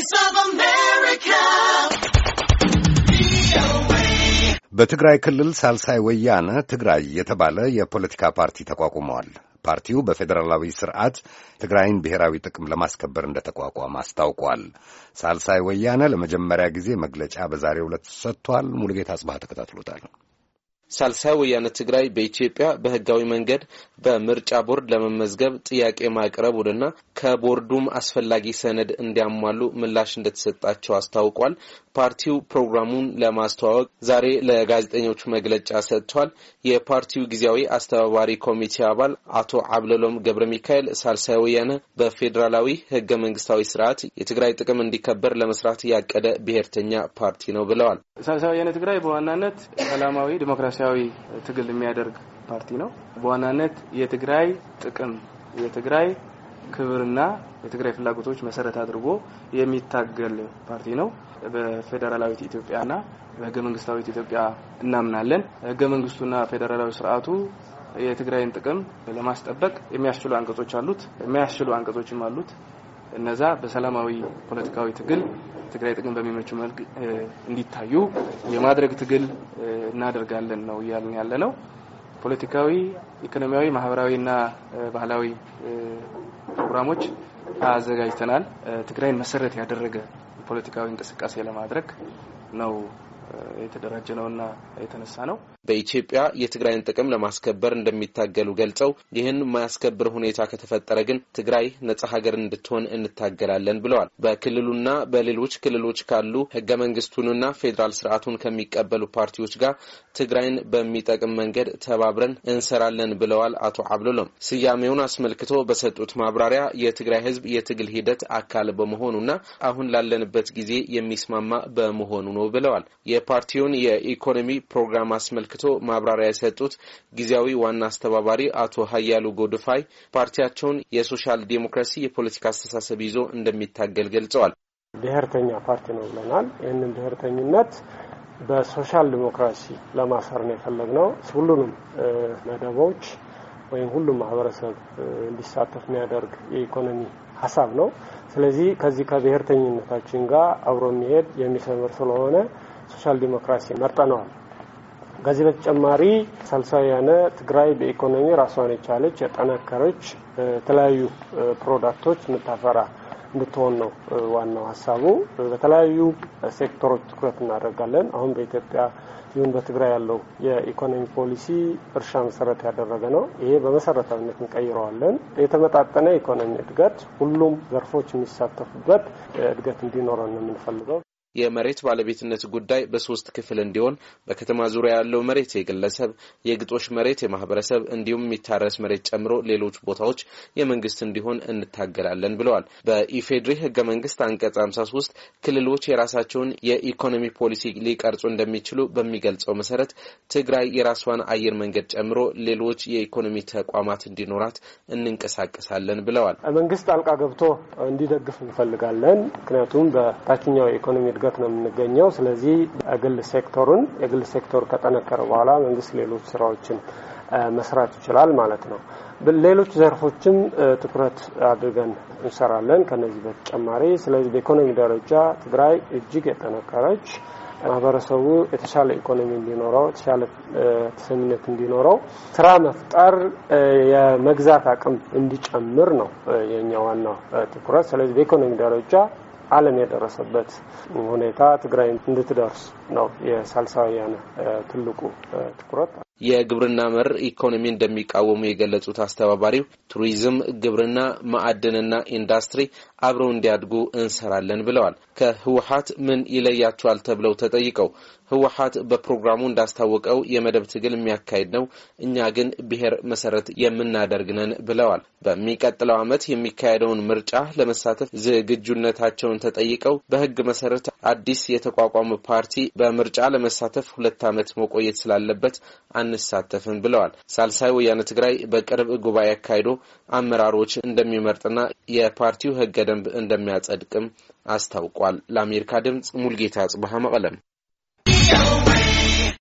Voice of America. በትግራይ ክልል ሳልሳይ ወያነ ትግራይ የተባለ የፖለቲካ ፓርቲ ተቋቁመዋል። ፓርቲው በፌዴራላዊ ስርዓት ትግራይን ብሔራዊ ጥቅም ለማስከበር እንደተቋቋመ አስታውቋል። ሳልሳይ ወያነ ለመጀመሪያ ጊዜ መግለጫ በዛሬው ዕለት ሰጥቷል። ሙሉጌታ አጽባሃ ተከታትሎታል። ሳልሳይ ወያነ ትግራይ በኢትዮጵያ በህጋዊ መንገድ በምርጫ ቦርድ ለመመዝገብ ጥያቄ ማቅረቡንና ከቦርዱም አስፈላጊ ሰነድ እንዲያሟሉ ምላሽ እንደተሰጣቸው አስታውቋል። ፓርቲው ፕሮግራሙን ለማስተዋወቅ ዛሬ ለጋዜጠኞች መግለጫ ሰጥቷል። የፓርቲው ጊዜያዊ አስተባባሪ ኮሚቴ አባል አቶ አብለሎም ገብረ ሚካኤል ሳልሳይ ወያነ በፌዴራላዊ ህገ መንግስታዊ ስርዓት የትግራይ ጥቅም እንዲከበር ለመስራት ያቀደ ብሔርተኛ ፓርቲ ነው ብለዋል። ሳልሳይ ወያነ ትግራይ በዋናነት ሰላማዊ ዲሞክራሲያዊ ትግል የሚያደርግ ፓርቲ ነው። በዋናነት የትግራይ ጥቅም፣ የትግራይ ክብርና የትግራይ ፍላጎቶች መሰረት አድርጎ የሚታገል ፓርቲ ነው። በፌዴራላዊት ኢትዮጵያና በህገ መንግስታዊት ኢትዮጵያ እናምናለን። ህገ መንግስቱና ፌዴራላዊ ስርዓቱ የትግራይን ጥቅም ለማስጠበቅ የሚያስችሉ አንቀጾች አሉት የሚያስችሉ አንቀጾችም አሉት። እነዛ በሰላማዊ ፖለቲካዊ ትግል ትግራይ ጥቅም በሚመች መልክ እንዲታዩ የማድረግ ትግል እናደርጋለን ነው እያልን ያለ ነው። ፖለቲካዊ፣ ኢኮኖሚያዊ፣ ማህበራዊ እና ባህላዊ ፕሮግራሞች አዘጋጅተናል። ትግራይን መሰረት ያደረገ ፖለቲካዊ እንቅስቃሴ ለማድረግ ነው የተደራጀ ነውና የተነሳ ነው። በኢትዮጵያ የትግራይን ጥቅም ለማስከበር እንደሚታገሉ ገልጸው ይህን የማያስከብር ሁኔታ ከተፈጠረ ግን ትግራይ ነጻ ሀገር እንድትሆን እንታገላለን ብለዋል። በክልሉና በሌሎች ክልሎች ካሉ ህገ መንግስቱንና ፌዴራል ስርዓቱን ከሚቀበሉ ፓርቲዎች ጋር ትግራይን በሚጠቅም መንገድ ተባብረን እንሰራለን ብለዋል። አቶ አብሎሎም ስያሜውን አስመልክቶ በሰጡት ማብራሪያ የትግራይ ህዝብ የትግል ሂደት አካል በመሆኑና አሁን ላለንበት ጊዜ የሚስማማ በመሆኑ ነው ብለዋል። የፓርቲውን የኢኮኖሚ ፕሮግራም አስመልክቶ ማብራሪያ የሰጡት ጊዜያዊ ዋና አስተባባሪ አቶ ሀያሉ ጎድፋይ ፓርቲያቸውን የሶሻል ዴሞክራሲ የፖለቲካ አስተሳሰብ ይዞ እንደሚታገል ገልጸዋል። ብሔርተኛ ፓርቲ ነው ብለናል። ይህንን ብሔርተኝነት በሶሻል ዲሞክራሲ ለማሰር ነው የፈለግነው። ሁሉንም መደቦች ወይም ሁሉም ማህበረሰብ እንዲሳተፍ የሚያደርግ የኢኮኖሚ ሀሳብ ነው። ስለዚህ ከዚህ ከብሔርተኝነታችን ጋር አብሮ የሚሄድ የሚሰምር ስለሆነ ሶሻል ዲሞክራሲ መርጠነዋል። ከዚህ በተጨማሪ ሳልሳውያነ ትግራይ በኢኮኖሚ ራሷን የቻለች የጠነከረች የተለያዩ ፕሮዳክቶች የምታፈራ እንድትሆን ነው ዋናው ሀሳቡ። በተለያዩ ሴክተሮች ትኩረት እናደርጋለን። አሁን በኢትዮጵያ ይሁን በትግራይ ያለው የኢኮኖሚ ፖሊሲ እርሻ መሰረት ያደረገ ነው። ይሄ በመሰረታዊነት እንቀይረዋለን። የተመጣጠነ ኢኮኖሚ እድገት ሁሉም ዘርፎች የሚሳተፉበት እድገት እንዲኖረን ነው የምንፈልገው። የመሬት ባለቤትነት ጉዳይ በሶስት ክፍል እንዲሆን በከተማ ዙሪያ ያለው መሬት የግለሰብ፣ የግጦሽ መሬት የማህበረሰብ እንዲሁም የሚታረስ መሬት ጨምሮ ሌሎች ቦታዎች የመንግስት እንዲሆን እንታገላለን ብለዋል። በኢፌዴሪ ህገ መንግስት አንቀጽ 53 ክልሎች የራሳቸውን የኢኮኖሚ ፖሊሲ ሊቀርጹ እንደሚችሉ በሚገልጸው መሰረት ትግራይ የራሷን አየር መንገድ ጨምሮ ሌሎች የኢኮኖሚ ተቋማት እንዲኖራት እንንቀሳቀሳለን ብለዋል። መንግስት ጣልቃ ገብቶ እንዲደግፍ እንፈልጋለን። ምክንያቱም በታችኛው የኢኮኖሚ እድገት ነው የምንገኘው። ስለዚህ የግል ሴክተሩን የግል ሴክተሩ ከጠነከረ በኋላ መንግስት ሌሎች ስራዎችን መስራት ይችላል ማለት ነው። ሌሎች ዘርፎችም ትኩረት አድርገን እንሰራለን ከነዚህ በተጨማሪ። ስለዚህ በኢኮኖሚ ደረጃ ትግራይ እጅግ የጠነከረች ማህበረሰቡ የተሻለ ኢኮኖሚ እንዲኖረው የተሻለ ተሰሚነት እንዲኖረው ስራ መፍጠር የመግዛት አቅም እንዲጨምር ነው የኛ ዋናው ትኩረት። ስለዚህ በኢኮኖሚ ደረጃ ዓለም የደረሰበት ሁኔታ ትግራይ እንድትደርስ ነው የሳልሳውያን ትልቁ ትኩረት። የግብርና መር ኢኮኖሚ እንደሚቃወሙ የገለጹት አስተባባሪው ቱሪዝም፣ ግብርና፣ ማዕድንና ኢንዱስትሪ አብረው እንዲያድጉ እንሰራለን ብለዋል። ከህወሀት ምን ይለያቸዋል ተብለው ተጠይቀው ህወሀት በፕሮግራሙ እንዳስታወቀው የመደብ ትግል የሚያካሄድ ነው፣ እኛ ግን ብሔር መሰረት የምናደርግ ነን ብለዋል። በሚቀጥለው ዓመት የሚካሄደውን ምርጫ ለመሳተፍ ዝግጁነታቸውን ተጠይቀው በህግ መሰረት አዲስ የተቋቋመ ፓርቲ በምርጫ ለመሳተፍ ሁለት ዓመት መቆየት ስላለበት አንሳተፍም ብለዋል። ሳልሳይ ወያነ ትግራይ በቅርብ ጉባኤ አካሂዶ አመራሮች እንደሚመርጥና የፓርቲው ህገ ደንብ እንደሚያጸድቅም አስታውቋል። ለአሜሪካ ድምጽ ሙልጌታ ጽብሃ መቀለም